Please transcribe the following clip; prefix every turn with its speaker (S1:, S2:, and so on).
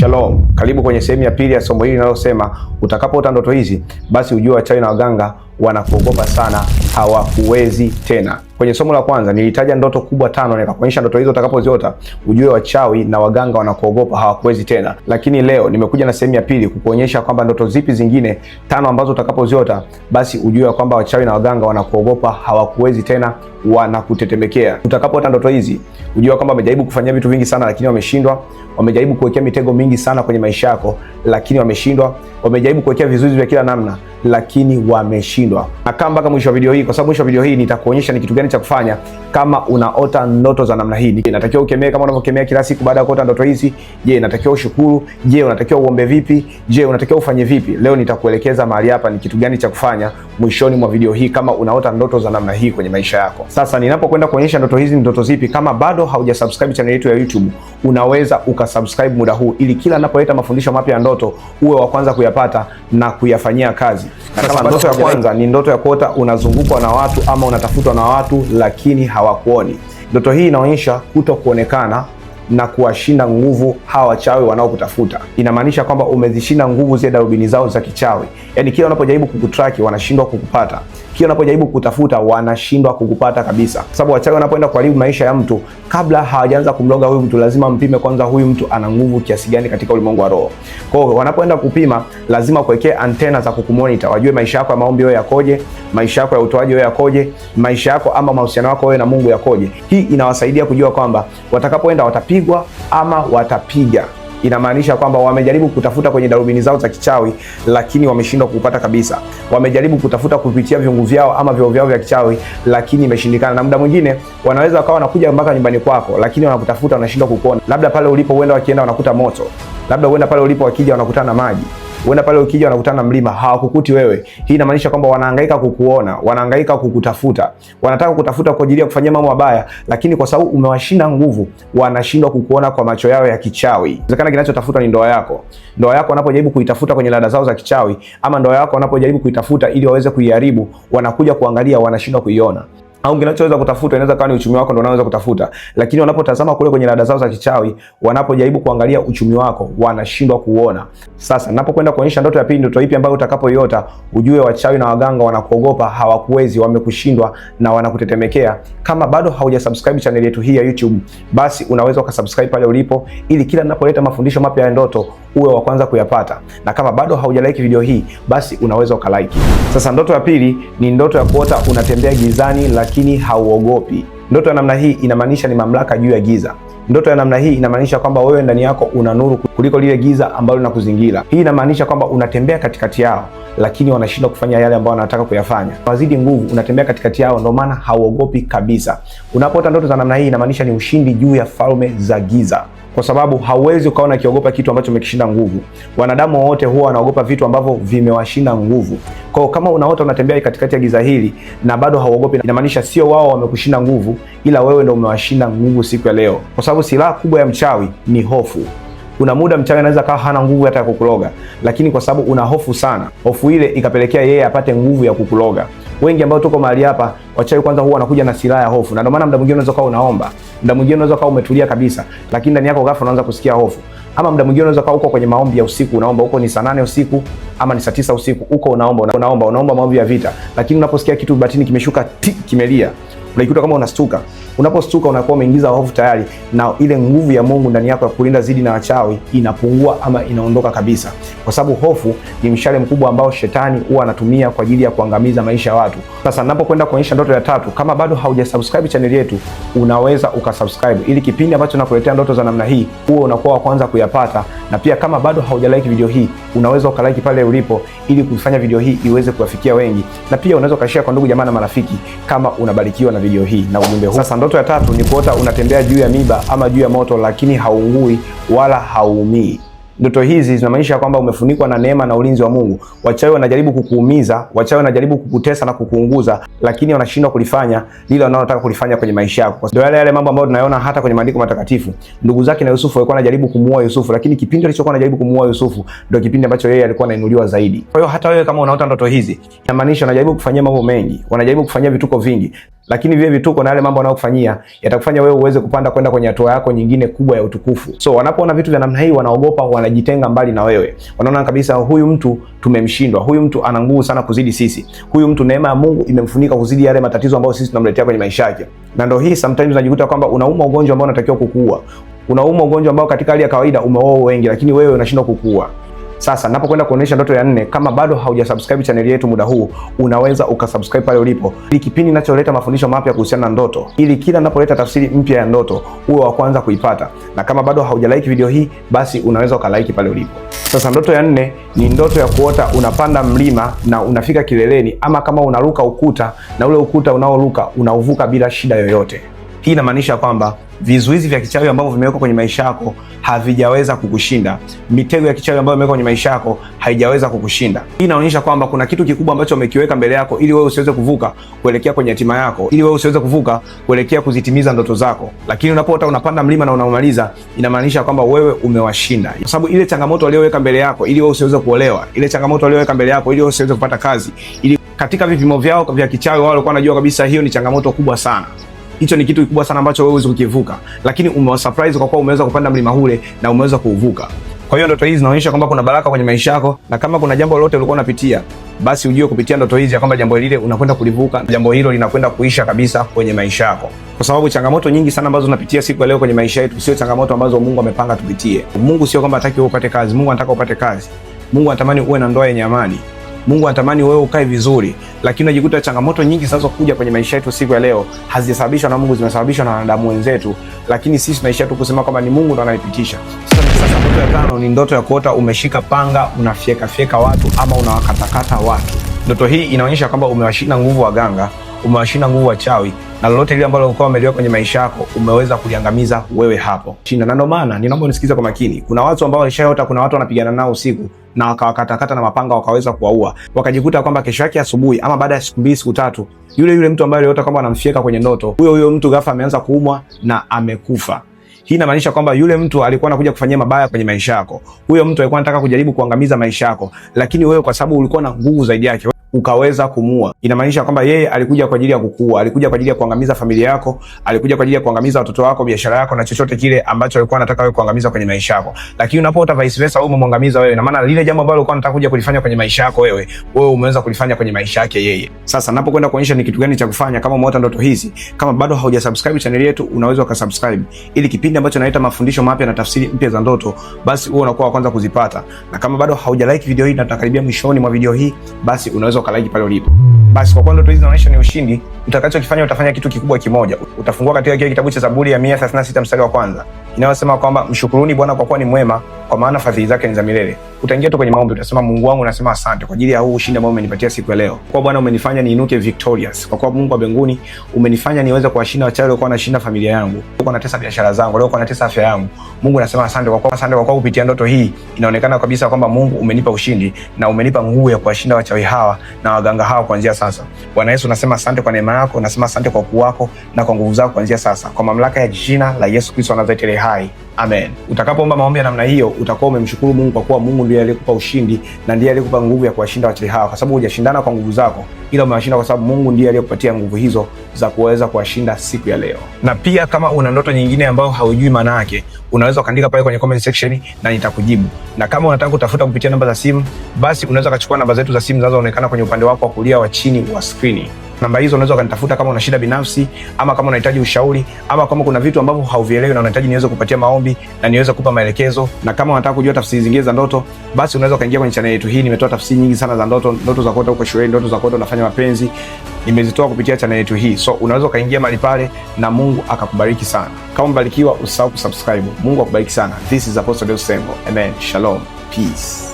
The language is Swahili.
S1: Shalom, karibu kwenye sehemu ya pili ya somo hili linalosema utakapoota ndoto hizi basi ujue wachawi na waganga wanakuogopa sana, hawakuwezi tena kwenye somo la kwanza nilitaja ndoto kubwa tano, nikakuonyesha ndoto hizo utakapoziota ujue wachawi na waganga wanakuogopa, hawakuwezi tena. Lakini leo nimekuja na sehemu ya pili kukuonyesha kwamba ndoto zipi zingine tano ambazo utakapoziota basi ujue kwamba wachawi na waganga wanakuogopa, hawakuwezi tena, wanakutetemekea. Utakapoota ndoto hizi ujue kwamba wamejaribu kufanyia vitu vingi sana, lakini wameshindwa. Wamejaribu kuwekea mitego mingi sana kwenye maisha yako, lakini wameshindwa. Wamejaribu kuwekea vizuizi vya kila namna lakini wameshindwa. Nakaa mpaka mwisho wa video hii, kwa sababu mwisho wa video hii nitakuonyesha ni kitu gani cha kufanya kama unaota ndoto za namna hii. Je, Inatakiwa ukemee kama unavyokemea kila siku baada ya kuota ndoto hizi? Je, inatakiwa ushukuru? Je, unatakiwa uombe vipi? Je, unatakiwa ufanye vipi? Leo nitakuelekeza mahali hapa ni kitu gani cha kufanya mwishoni mwa video hii kama unaota ndoto za namna hii kwenye maisha yako. Sasa ninapokwenda kuonyesha ndoto hizi ni ndoto zipi, kama bado haujasubscribe channel yetu ya YouTube, unaweza ukasubscribe muda huu, ili kila ninapoleta mafundisho mapya ya ndoto uwe wa kwanza kuyapata na kuyafanyia kazi na ndoto ya kwanza ni ndoto ya kuota unazungukwa na watu ama unatafutwa na watu lakini hawakuoni. Ndoto hii inaonyesha kuto kuonekana na kuwashinda nguvu hawa wachawi wanaokutafuta. Inamaanisha kwamba umezishinda nguvu zile darubini zao za kichawi, yaani kila unapojaribu kukutraki wanashindwa kukupata kila unapojaribu kutafuta wanashindwa kukupata kabisa, kwa sababu wachawi wanapoenda kuharibu maisha ya mtu, kabla hawajaanza kumloga huyu mtu, lazima mpime kwanza huyu mtu ana nguvu kiasi gani katika ulimwengu wa roho. Kwa hiyo wanapoenda kupima, lazima kuwekea antena za kukumonita, wajue maisha yako ya maombi wewe yakoje, maisha yako ya utoaji wewe yakoje, maisha yako ama mahusiano yako wewe na Mungu yakoje. Hii inawasaidia kujua kwamba watakapoenda watapigwa ama watapiga inamaanisha kwamba wamejaribu kutafuta kwenye darubini zao za kichawi, lakini wameshindwa kupata kabisa. Wamejaribu kutafuta kupitia viungu vyao ama vyoo vyao vya kichawi, lakini imeshindikana. Na muda mwingine wanaweza wakawa wanakuja mpaka nyumbani kwako, lakini wanakutafuta wanashindwa kukuona. Labda pale ulipo, huenda wakienda wanakuta moto, labda huenda pale ulipo wakija wanakutana na maji uenda pale ukija wanakutana na mlima hawakukuti wewe. Hii inamaanisha kwamba wanahangaika kukuona, wanahangaika kukutafuta, wanataka kutafuta kwa ajili ya kufanyia mambo mabaya, lakini kwa sababu umewashinda nguvu, wanashindwa kukuona kwa macho yao ya kichawi. Inawezekana kinachotafuta ni ndoa yako. Ndoa yako wanapojaribu kuitafuta kwenye rada zao za kichawi, ama ndoa yako wanapojaribu kuitafuta ili waweze kuiharibu, wanakuja kuangalia, wanashindwa kuiona au kinachoweza kutafuta inaweza kawa ni uchumi wako ndio unaweza kutafuta, lakini wanapotazama kule kwenye rada zao za kichawi, wanapojaribu kuangalia uchumi wako wanashindwa kuona. Sasa ninapokwenda kuonyesha ndoto ya pili, ndoto ipi ambayo utakapoiota ujue wachawi na waganga wanakuogopa, hawakuwezi, wamekushindwa na wanakutetemekea. Kama bado haujasubscribe channel yetu hii ya YouTube, basi unaweza ukasubscribe pale ulipo, ili kila ninapoleta mafundisho mapya ya ndoto uwe wa kwanza kuyapata, na kama bado haujalike video hii, basi unaweza ukalike. Sasa ndoto ya pili ni ndoto ya kuota unatembea gizani la lakini hauogopi. Ndoto ya namna hii inamaanisha ni mamlaka juu ya giza. Ndoto ya namna hii inamaanisha kwamba wewe ndani yako una nuru kuliko lile giza ambalo linakuzingira. Hii inamaanisha kwamba unatembea katikati yao, lakini wanashindwa kufanya yale ambayo wanataka kuyafanya. Wazidi nguvu, unatembea katikati yao, ndio maana hauogopi kabisa. Unapoota ndoto za namna hii inamaanisha ni ushindi juu ya falme za giza kwa sababu hauwezi ukaona akiogopa kitu ambacho umekishinda nguvu. Wanadamu wote huwa wanaogopa vitu ambavyo vimewashinda nguvu. Kwa kama unaota unatembea katikati ya giza hili na bado hauogopi, inamaanisha sio wao wamekushinda nguvu, ila wewe ndio umewashinda nguvu siku ya leo, kwa sababu silaha kubwa ya mchawi ni hofu kuna muda mchanga anaweza kawa hana nguvu hata ya kukuloga, lakini kwa sababu una hofu sana, hofu ile ikapelekea yeye apate nguvu ya kukuloga. Wengi ambao tuko mahali hapa, wachawi kwanza huwa wanakuja na silaha ya hofu, na ndio maana muda mwingine unaweza kawa unaomba, muda mwingine unaweza kawa umetulia kabisa, lakini ndani yako ghafla unaanza kusikia hofu ama muda mwingine unaweza kaa uko kwenye maombi ya usiku, unaomba uko ni saa nane usiku ama ni saa tisa usiku, uko unaomba unaomba unaomba maombi ya vita, lakini unaposikia kitu batini kimeshuka tik, kimelia, unajikuta kama unastuka. Unaposhtuka unakuwa umeingiza hofu tayari, na ile nguvu ya Mungu ndani yako ya kulinda zidi na wachawi inapungua ama inaondoka kabisa, kwa sababu hofu ni mshale mkubwa ambao shetani huwa anatumia kwa ajili ya kuangamiza maisha ya watu. Sasa ninapokwenda kuonyesha ndoto ya tatu, kama bado haujasubscribe channel yetu, unaweza ukasubscribe ili kipindi ambacho nakuletea ndoto za namna hii huwa unakuwa wa kwanza kuyapata, na pia kama bado haujalike video hii, unaweza ukalike pale ulipo ili kufanya video hii iweze kuwafikia wengi, na pia unaweza ukashare kwa ndugu jamaa na marafiki kama unabarikiwa na video hii na ujumbe huu. Sasa ndoto ya tatu ni kuota unatembea juu ya miba ama juu ya moto, lakini hauungui wala hauumii ndoto hizi zinamaanisha kwamba umefunikwa na neema na ulinzi wa Mungu. Wachawi wanajaribu kukuumiza, wachawi wanajaribu kukutesa na kukuunguza, lakini wanashindwa kulifanya lile wanalotaka kulifanya kwenye maisha yako. Ndio yale yale mambo ambayo tunayaona hata kwenye maandiko matakatifu. Ndugu zake na Yusufu walikuwa wanajaribu kumuua Yusufu, lakini kipindi alichokuwa anajaribu kumuua Yusufu ndio kipindi ambacho yeye alikuwa anainuliwa zaidi. Kwa hiyo hata wewe kama unaota ndoto hizi, inamaanisha wanajaribu kufanyia mambo mengi, wanajaribu kufanyia vituko vingi lakini vile vituko na yale mambo wanayokufanyia yatakufanya wewe uweze kupanda kwenda kwenye hatua yako nyingine kubwa ya utukufu. So wanapoona vitu vya namna hii wanaogopa, wana wanajitenga mbali na wewe, wanaona kabisa huyu mtu tumemshindwa, huyu mtu ana nguvu sana kuzidi sisi, huyu mtu neema ya Mungu imemfunika kuzidi yale matatizo ambayo sisi tunamletea kwenye maisha yake. Na ndio hii sometimes unajikuta kwamba unauma ugonjwa ambao unatakiwa kukua unauma ugonjwa ambao katika hali ya kawaida umeoa wengi, lakini wewe unashindwa kukua sasa napokwenda kuonesha ndoto ya nne, kama bado haujasubscribe channel yetu muda huu, unaweza ukasubscribe pale ulipo, ili kipindi ninacholeta mafundisho mapya kuhusiana na ndoto, ili kila ninapoleta tafsiri mpya ya ndoto uwe wa kwanza kuipata. Na kama bado haujalike video hii, basi unaweza ukalike pale ulipo. Sasa ndoto ya nne ni ndoto ya kuota unapanda mlima na unafika kileleni, ama kama unaruka ukuta na ule ukuta unaoruka unauvuka bila shida yoyote. Hii inamaanisha kwamba vizuizi vya kichawi ambavyo vimewekwa kwenye maisha yako havijaweza kukushinda. Mitego ya kichawi ambayo imewekwa kwenye maisha yako haijaweza kukushinda. Hii inaonyesha kwamba kuna kitu kikubwa ambacho umekiweka mbele yako ili wewe usiweze kuvuka kuelekea kwenye hatima yako, ili wewe usiweze kuvuka kuelekea kuzitimiza ndoto zako. Lakini unapoota unapanda mlima na unaumaliza, inamaanisha kwamba wewe umewashinda, kwa sababu ile changamoto aliyoweka mbele yako ili wewe usiweze kuolewa, ile changamoto aliyoweka mbele yako ili wewe usiweze kupata kazi, ili katika vipimo vyao vya kichawi wao walikuwa wanajua kabisa hiyo ni changamoto kubwa sana hicho ni kitu kikubwa sana ambacho wewe huwezi kukivuka, lakini umewasurprise kwa kuwa umeweza kupanda mlima ule na umeweza kuuvuka. Kwa hiyo ndoto hizi zinaonyesha kwamba kuna baraka kwenye maisha yako, na kama kuna jambo lolote ulikuwa unapitia, basi ujue kupitia ndoto hizi ya kwamba jambo lile unakwenda kulivuka, jambo hilo linakwenda kuisha kabisa kwenye maisha yako, kwa sababu changamoto nyingi sana ambazo tunapitia siku ya leo kwenye maisha yetu sio changamoto ambazo Mungu amepanga tupitie. Mungu sio kwamba hataki upate kazi, Mungu anataka upate kazi. Mungu anatamani uwe na ndoa yenye amani. Mungu anatamani wewe ukae vizuri, lakini unajikuta changamoto nyingi zinazokuja kwenye maisha yetu siku ya leo hazijasababishwa na Mungu, zimesababishwa na wanadamu wenzetu, lakini sisi tunaishia tu kusema kwamba ni Mungu ndo anaipitisha. Sasa ndoto ya tano ni ndoto ya kuota umeshika panga unafyekafyeka watu ama unawakatakata watu. Ndoto hii inaonyesha kwamba umewashinda nguvu waganga, umewashinda nguvu wachawi na lolote lile ambalo ulikuwa umeliwa kwenye maisha yako umeweza kuliangamiza wewe hapo shinda. Na ndio maana ninaomba unisikize kwa makini. Kuna watu ambao walishaota, kuna watu wanapigana nao usiku na wakawakatakata na mapanga wakaweza kuwaua, wakajikuta kwamba kesho yake asubuhi ama baada ya siku mbili siku tatu, yule yule mtu ambaye aliota kwamba anamfyeka kwenye ndoto, huyo huyo mtu ghafla ameanza kuumwa na amekufa. Hii inamaanisha kwamba yule mtu alikuwa anakuja kufanyia mabaya kwenye maisha yako. Huyo mtu alikuwa anataka kujaribu kuangamiza maisha yako, lakini wewe kwa sababu ulikuwa na nguvu zaidi yake ukaweza kumua, inamaanisha kwamba yeye alikuja kwa ajili ya kukua, alikuja kwa ajili ya kuangamiza familia yako, alikuja kwa ajili ya kuangamiza watoto wako, biashara yako na chochote kile ambacho alikuwa anataka wewe kuangamiza kwenye maisha yako. Lakini unapoota vice versa, wewe umemwangamiza wewe, na maana lile jambo ambalo alikuwa anataka kuja kulifanya kwenye maisha yako wewe, wewe umeweza kulifanya kwenye maisha yake yeye. Sasa napokwenda kuonyesha ni kitu gani cha kufanya kama umeota ndoto hizi. Kama bado haujasubscribe channel yetu, unaweza ukasubscribe ili kipindi ambacho naleta mafundisho mapya na tafsiri mpya za ndoto, basi wewe unakuwa wa kwanza kuzipata. Na kama bado haujalike video hii na tunakaribia mwishoni mwa video hii, basi unaweza unaweza ukalaiki pale ulipo. Basi kwa kuwa ndoto hizi zinaonyesha ni ushindi, utakachokifanya utafanya kitu kikubwa kimoja. Utafungua katika kile kitabu cha Zaburi ya 136 mstari wa kwanza inayosema kwamba mshukuruni Bwana kwa kuwa ni mwema, kwa maana fadhili zake ni za milele utaingia tu kwenye maombi, utasema Mungu wangu, nasema asante kwa ajili ya huu ushindi ambao umenipatia siku ya leo. Kwa Bwana umenifanya niinuke victorious. Kwa kuwa Mungu wa mbinguni umenifanya niweze kuwashinda wachawi waliokuwa wanashinda familia yangu, walikuwa wanatesa biashara zangu, walikuwa wanatesa afya yangu. Mungu nasema asante kwa kuwa, asante kwa kuwa kupitia ndoto hii inaonekana kabisa kwamba Mungu umenipa ushindi na umenipa nguvu ya kuwashinda wachawi hawa na waganga hawa kuanzia sasa. Bwana Yesu nasema asante kwa neema yako, nasema asante kwa ukuu wako na kwa nguvu zako kuanzia sasa, kwa mamlaka ya jina la Yesu Kristo anazoitele hai. Amen. Utakapoomba maombi ya namna hiyo utakuwa umemshukuru Mungu kwa kuwa Mungu ndiye aliyekupa ushindi na ndiye aliyekupa nguvu ya kuwashinda wachawi hawa, kwa sababu hujashindana kwa nguvu zako, ila umewashinda kwa sababu Mungu ndiye aliyekupatia nguvu hizo za kuweza kuwashinda siku ya leo. Na pia kama una ndoto nyingine ambayo haujui maana yake, unaweza ukaandika pale kwenye comment section na nitakujibu. Na kama unataka kutafuta kupitia namba za simu, basi unaweza ukachukua namba zetu za simu zinazoonekana kwenye upande wako wa kulia wa chini wa skrini namba hizo unaweza ukanitafuta kama una shida binafsi, ama kama unahitaji ushauri, ama kama kuna vitu ambavyo hauvielewi na unahitaji niweze kupatia maombi na niweze kukupa maelekezo. Na kama unataka kujua tafsiri zingine za ndoto, basi unaweza ukaingia kwenye channel yetu hii. Nimetoa tafsiri nyingi sana za ndoto, ndoto za kuota huko shuleni, ndoto za kuota unafanya mapenzi, nimezitoa kupitia channel yetu hii. So unaweza ukaingia mahali pale na Mungu akakubariki sana. Kama umebarikiwa, usahau kusubscribe. Mungu akubariki sana. This is Apostle Deusi Sengo. Amen. Shalom. Peace.